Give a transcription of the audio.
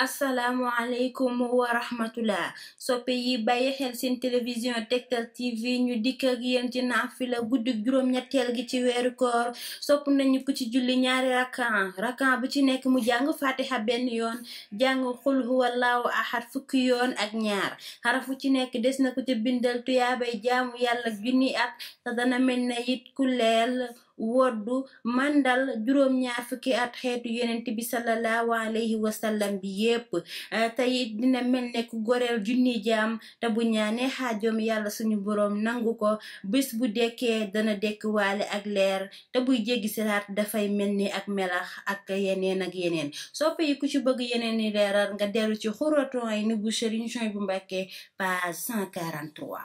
asalaamualeykum wa rahmatullah soppe yi bàyyi xel seen télévision Tektal TV ñu dikk ak yéen ci naafila guddi juróom-ñetteel gi ci weeru koor sopp nañu ko ci julli ñaari rakan rakan bu ci nekk mu jàng fatiha benn yoon jàng xul huwallaahu ahad fukki yoon ak ñaar fu ci nekk des na ko ca bindal tuyaabay jaamu yàlla junni at te dana mel ne it ku leel woddu mandal juróom ñaar fukki at xeetu yonent bi sallallahu alayhi wa sallam bi yépp eh, tey dina mel ne ku goreel junni jaam te bu ñaanee xaajoom yàlla suñu boroom nangu ko bés bu dekkee dana dekkiwaale ak leer te buy jéggi siraat dafay mel ni ak melax ak yeneen ak yeneen soppe yi ku ci bëgg yeneen ni leeral nga dellu ci xuraton ay ni bu Serigne Souhaïbou Mbacké page 143